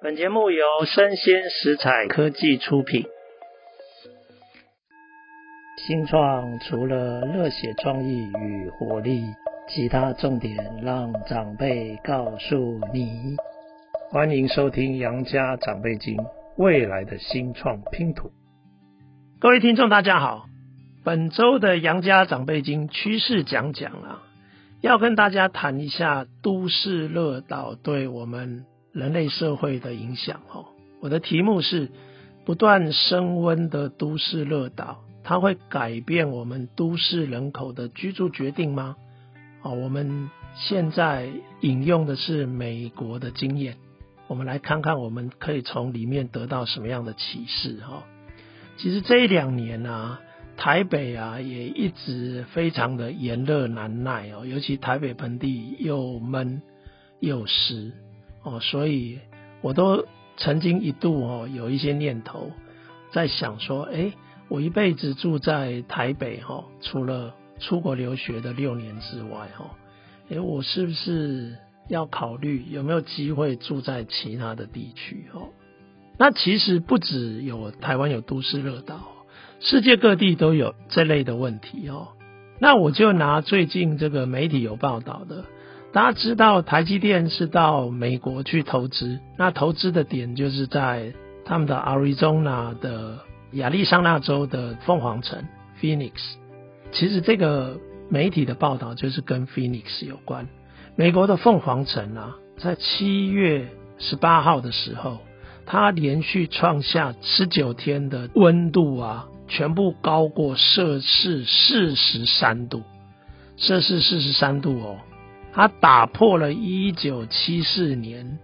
本節目由聲鮮時采科技出品。新創除了熱血創意與活力，其他重點讓長輩告訴你。歡迎收聽《楊家長輩經》，未來的新創拼圖。各位聽眾，大家好。本周的《楊家長輩經》趨勢講講啊，要跟大家談一下都市熱島對我們人類社會的影響哦，我的題目是不斷升溫的都市熱島，它會改變我們都市人口的居住決定嗎？好，我們現在引用的是美國的經驗，我們來看看我們可以從裡面得到什麼樣的啟示哈。其實這兩年啊，台北啊也一直非常的炎熱難耐哦，尤其台北盆地又悶又濕。哦，所以我都曾經一度哦，有一些念頭在想說，誒，我一輩子住在台北哦，除了出國留學的六年之外哦。誒，我是不是要考慮有沒有機會住在其他的地區哦？那其實不止有台灣有都市熱島，世界各地都有這類的問題哦。那我就拿最近這個媒體有報道的。大家知道台積電是到美國去投資，那投資的點就是在他們的 Arizona 的亞利桑那州的鳳凰城 （Phoenix）。其實這個媒體的報道就是跟 Phoenix 有關。美國的鳳凰城啊，在七月十八號的時候，它連續創下十九天的溫度啊，全部高過攝氏四十三度，攝氏四十三度哦。他打破了一九七四年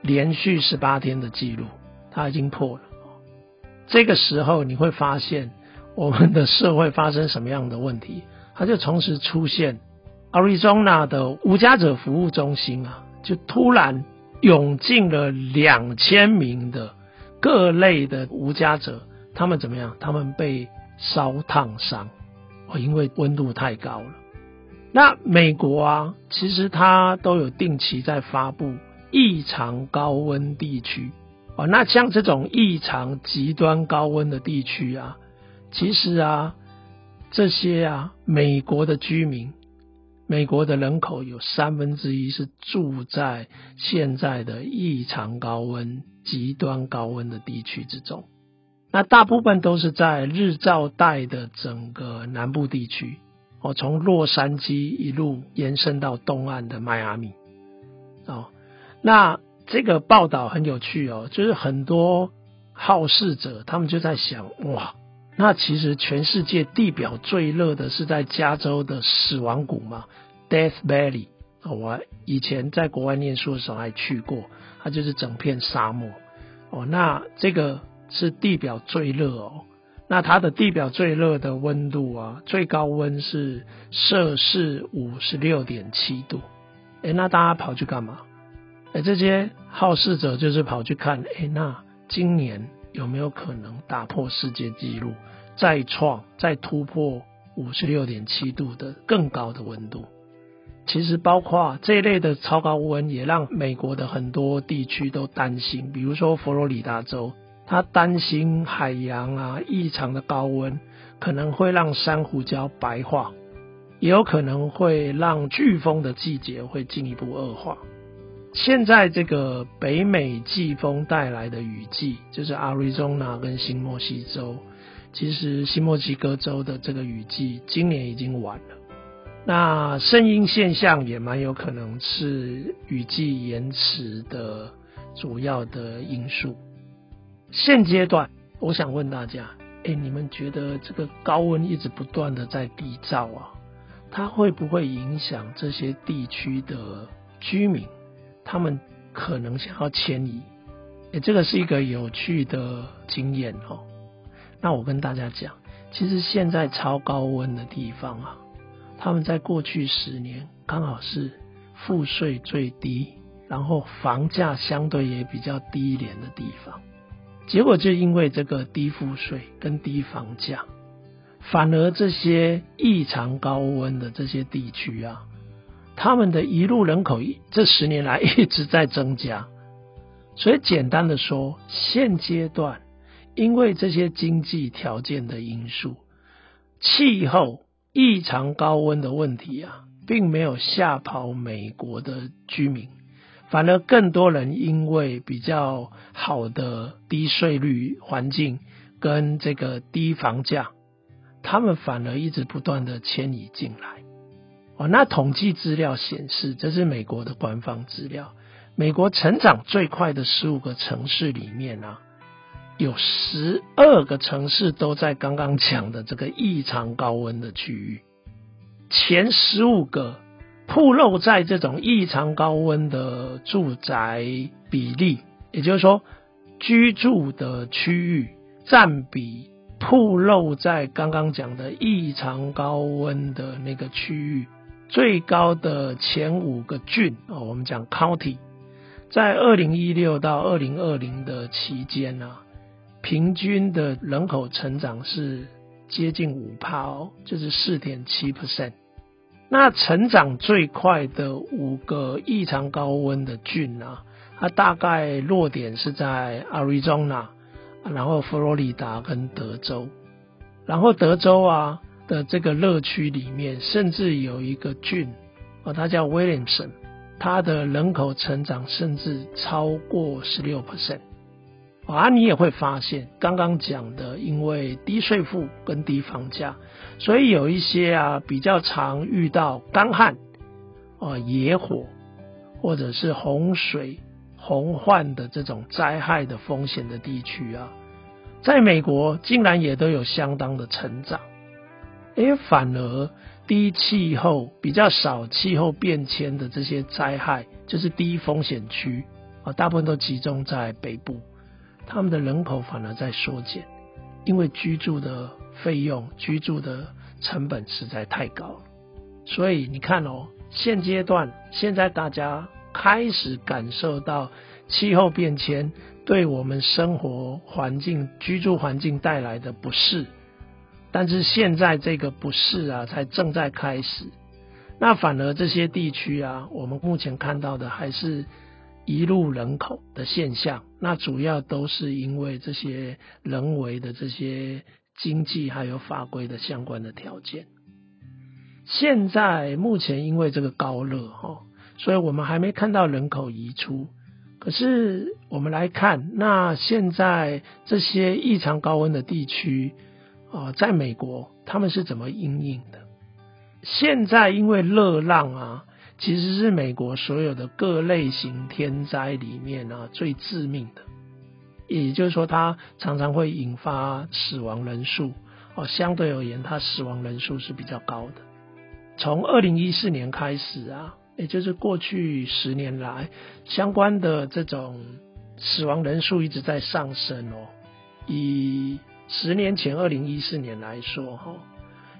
連續十八天的記錄，他已經破了。這個時候你會發現我們的社會發生什麼樣的問題？他就同時出現，Arizona 的無家者服務中心啊，就突然湧進了兩千名的各類的無家者，他們怎麼樣？他們被燒燙傷，哦，因為溫度太高了。那美國啊，其實它都有定期在發布異常高溫地區哦。那像這種異常極端高溫的地區啊，其實啊，這些啊，美國的居民，美國的人口有三分之一是住在現在的異常高溫、極端高溫的地區之中。那大部分都是在日照帶的整個南部地區。哦，從洛杉磯一路延伸到東岸的邁阿密。哦，那這個報道很有趣哦，就是很多好事者他們就在想，哇，那其實全世界地表最熱的是在加州的死亡谷嘛，Death Valley。哦，我以前在國外念書的時候還去過，它就是整片沙漠。哦，那這個是地表最熱哦。那它的地表最熱的溫度啊，最高溫是攝氏五十六點七度。誒，那大家跑去幹嘛？哎，這些好事者就是跑去看，誒，那今年有沒有可能打破世界紀錄，再創、再突破五十六點七度的更高的溫度？其實，包括這一類的超高溫，也讓美國的很多地區都擔心，比如說佛羅里達州。他擔心海洋啊異常的高溫可能會讓珊瑚礁白化，也有可能會讓颶風的季節會進一步惡化。現在這個北美季風帶來的雨季，就是亞利桑那跟新墨西哥州，其實新墨西哥州的這個雨季今年已經晚了。那聖嬰現象也蠻有可能是雨季延遲的主要的因素。現階段，我想問大家：誒、欸，你們覺得這個高溫一直不斷的在締造啊，它會不會影響這些地區的居民？他們可能想要遷移、欸？這個是一個有趣的經驗哦、喔。那我跟大家講，其實現在超高溫的地方啊，他們在過去十年剛好是賦稅最低，然後房價相對也比較低廉的地方。結果就因為這個低賦稅跟低房價，反而這些異常高溫的這些地區啊，他們的移入人口這十年來一直在增加。所以簡單的說，現階段因為這些經濟條件的因素，氣候異常高溫的問題啊，並沒有嚇跑美國的居民。反而更多人因為比較好的低稅率環境跟這個低房價，他們反而一直不斷的遷移進來。哦，那統計資料顯示，這是美國的官方資料。美國成長最快的十五個城市裡面啊，有十二個城市都在剛剛講的這個異常高溫的區域，前十五個。曝露在這種異常高溫的住宅比例，也就是說居住的區域占比曝露在剛剛講的異常高溫的那個區域最高的前五個郡，我們講 county，在二零一六到二零二零的期間呢、啊，平均的人口成長是接近五趴就是四點七 percent。那成長最快的五個異常高溫的郡啊，它大概落點是在 Arizona 然後佛羅里達跟德州，然後德州啊的這個熱區裡面，甚至有一個郡，哦，它叫威廉森，它的人口成長甚至超過十六 percent。啊，你也會發現，剛剛講的，因為低稅負跟低房價，所以有一些啊比較常遇到乾旱啊、呃、野火或者是洪水洪患的這種災害的風險的地區啊，在美國竟然也都有相當的成長。哎，反而低氣候比較少氣候變遷的這些災害，就是低風險區啊，大部分都集中在北部。他們的人口反而在縮減，因為居住的費用、居住的成本實在太高。所以你看哦，現階段現在大家開始感受到氣候變遷對我們生活環境、居住環境帶來的不適，但是現在這個不適啊，才正在開始。那反而這些地區啊，我們目前看到的還是。移入人口的現象，那主要都是因為這些人為的這些經濟還有法規的相關的條件。現在目前因為這個高熱哈，所以我們還沒看到人口移出。可是我們來看，那現在這些異常高溫的地區啊，在美國他們是怎麼因應的？現在因為熱浪啊。其實是美國所有的各類型天災裡面啊，最致命的，也就是說它常常會引發死亡人數哦，相對而言它死亡人數是比較高的。從二零一四年開始啊，也就是過去十年來，相關的這種死亡人數一直在上升哦。以十年前二零一四年來說哈、哦。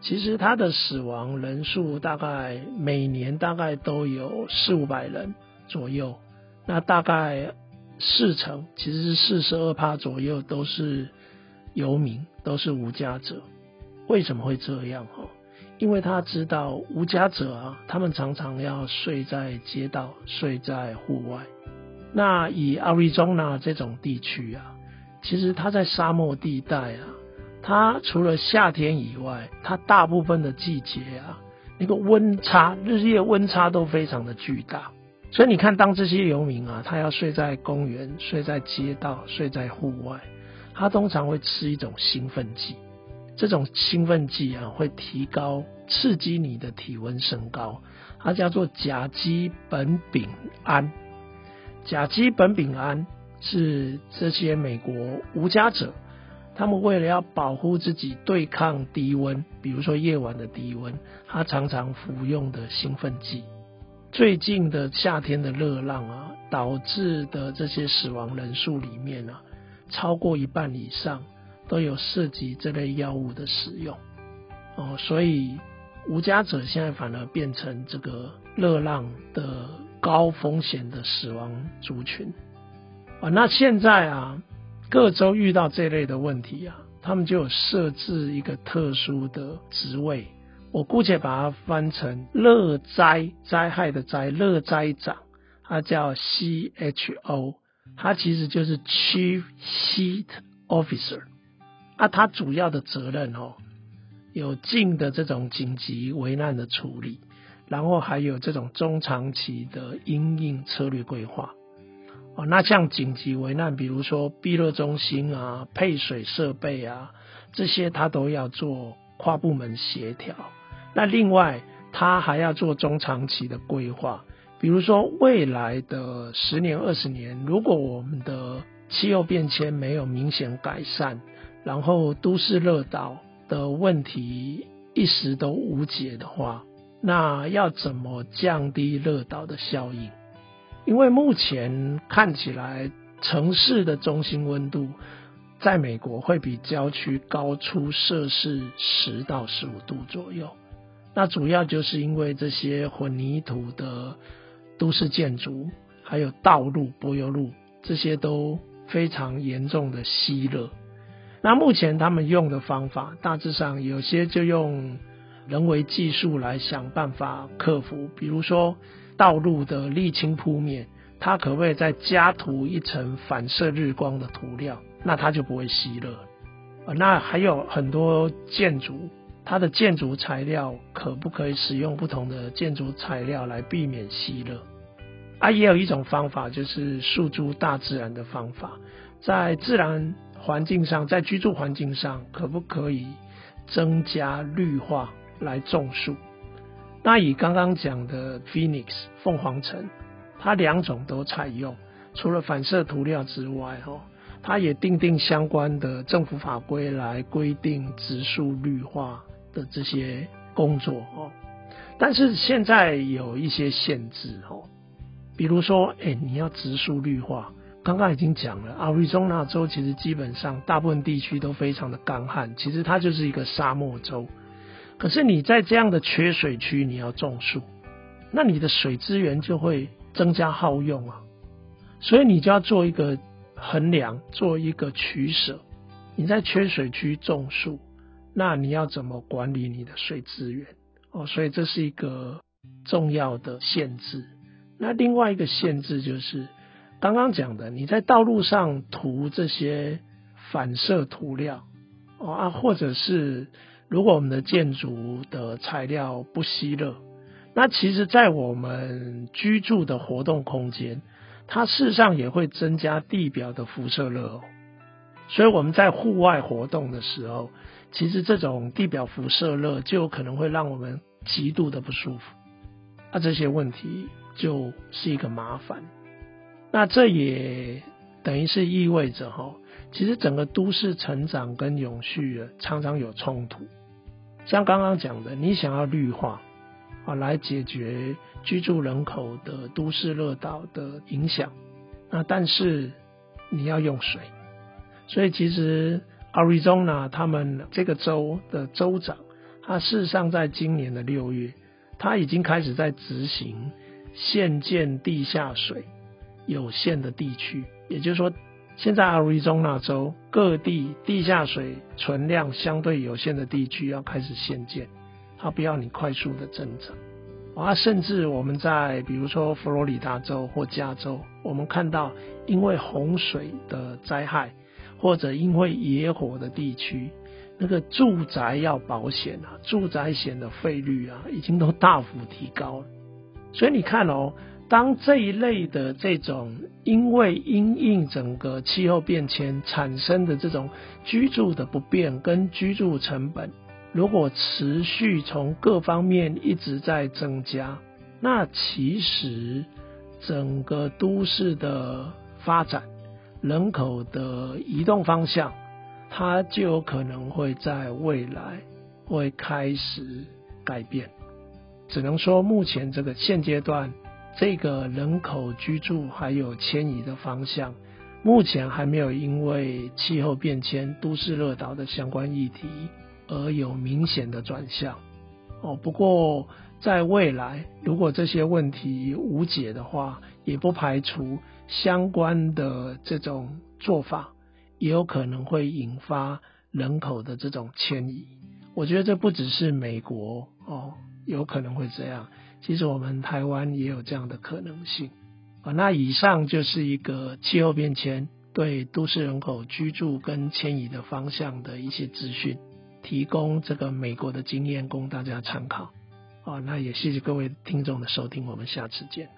其實他的死亡人數大概每年大概都有四五百人左右，那大概四成，其實是四十二趴左右都是游民，都是無家者。為什麼會這樣？因為他知道無家者啊，他們常常要睡在街道，睡在戶外。那以亞利桑那這種地區啊，其實他在沙漠地帶啊。它除了夏天以外，它大部分的季節啊，那個溫差、日夜溫差都非常的巨大。所以你看，當這些遊民啊，他要睡在公園、睡在街道、睡在戶外，他通常會吃一種興奮劑。這種興奮劑啊，會提高、刺激你的體溫升高。它叫做甲基苯丙胺。甲基苯丙胺是這些美國無家者。他們為了要保護自己對抗低溫，比如說夜晚的低溫，他常常服用的興奮劑。最近的夏天的熱浪啊，導致的這些死亡人數裡面啊，超過一半以上都有涉及這類藥物的使用哦。所以無家者現在反而變成這個熱浪的高風險的死亡族群啊，哦。那現在啊。各州遇到這類的問題啊，他們就有設置一個特殊的職位，我姑且把它翻成熱“熱災災害”的災熱災長，他叫 C H O，它其實就是 Chief Heat Officer。啊，它主要的責任哦，有近的這種緊急危難的處理，然後還有這種中長期的因應策略規劃。哦，那像緊急危難，比如說避熱中心啊、配水設備啊，這些他都要做跨部門協調。那另外，他還要做中長期的規劃，比如說未來的十年、二十年，如果我們的氣候變遷沒有明顯改善，然後都市熱島的問題一時都無解的話，那要怎麼降低熱島的效應？因為目前看起來，城市的中心溫度在美國會比郊區高出攝氏十到十五度左右。那主要就是因為這些混凝土的都市建築，還有道路、柏油路這些都非常嚴重的吸熱。那目前他們用的方法，大致上有些就用人為技術來想辦法克服，比如說，道路的瀝青鋪面，它可不可以再加塗一層反射日光的塗料？那它就不會吸熱。呃，那還有很多建築，它的建築材料可不可以使用不同的建築材料來避免吸熱？啊，也有一種方法就是訴諸大自然的方法，在自然環境上，在居住環境上，可不可以增加綠化來種樹？那以剛剛講的 Phoenix 鳳凰城，它兩種都採用，除了反射塗料之外，哦，它也訂定相關的政府法規來規定植樹綠化，的這些工作，哦。但是現在有一些限制，哦，比如說，欸、你要植樹綠化，剛剛已經講了，亞利桑那州其實基本上大部分地區都非常的乾旱，其實它就是一個沙漠州。可是你在這樣的缺水區，你要種樹，那你的水資源就會增加耗用啊，所以你就要做一個衡量，做一個取舍。你在缺水區種樹，那你要怎麼管理你的水資源？哦，所以這是一個重要的限制。那另外一個限制就是剛剛講的，你在道路上塗這些反射塗料，哦啊，或者是。如果我們的建築的材料不吸熱，那其實，在我們居住的活動空間，它事實上也會增加地表的輻射熱哦。所以我們在戶外活動的時候，其實這種地表輻射熱就有可能會讓我們極度的不舒服。那這些問題就是一個麻煩。那這也等於是意味着哈、哦。其實整個都市成長跟永續常常有衝突，像剛剛講的，你想要綠化啊，來解決居住人口的都市熱島的影響，那但是你要用水，所以其實 Arizona 呢，他們這個州的州長，他事實上在今年的六月，他已經開始在執行限建地下水有限的地區，也就是說。現在亞利桑那州各地地下水存量相對有限的地區要開始限建，它不要你快速的增長。啊，甚至我們在比如說佛羅里達州或加州，我們看到因為洪水的災害或者因為野火的地區，那個住宅要保險啊，住宅險的費率啊已經都大幅提高了。所以你看哦。當這一類的這種因為因應整個氣候變遷產生的這種居住的不便跟居住成本，如果持續從各方面一直在增加，那其實整個都市的發展、人口的移動方向，它就有可能會在未來會開始改變。只能說目前這個現階段，這個人口居住還有遷移的方向，目前還沒有因為氣候變遷、都市熱島的相關議題而有明顯的轉向。哦，不過在未來，如果這些問題無解的話，也不排除相關的這種做法也有可能會引發人口的這種遷移。我覺得這不只是美國哦，有可能會這樣。其實我們台灣也有這樣的可能性啊。那以上就是一個氣候變遷對都市人口居住跟遷移的方向的一些資訊，提供這個美國的經驗供大家參考啊。那也謝謝各位聽眾的收聽，我們下次見。